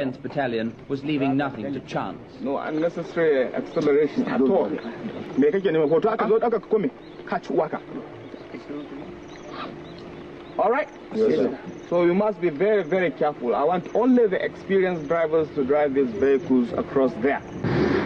10th Battalion was leaving nothing to chance. No unnecessary acceleration at all. catch waka. All right. Yes, so you must be very very careful. I want only the experienced drivers to drive these vehicles across there.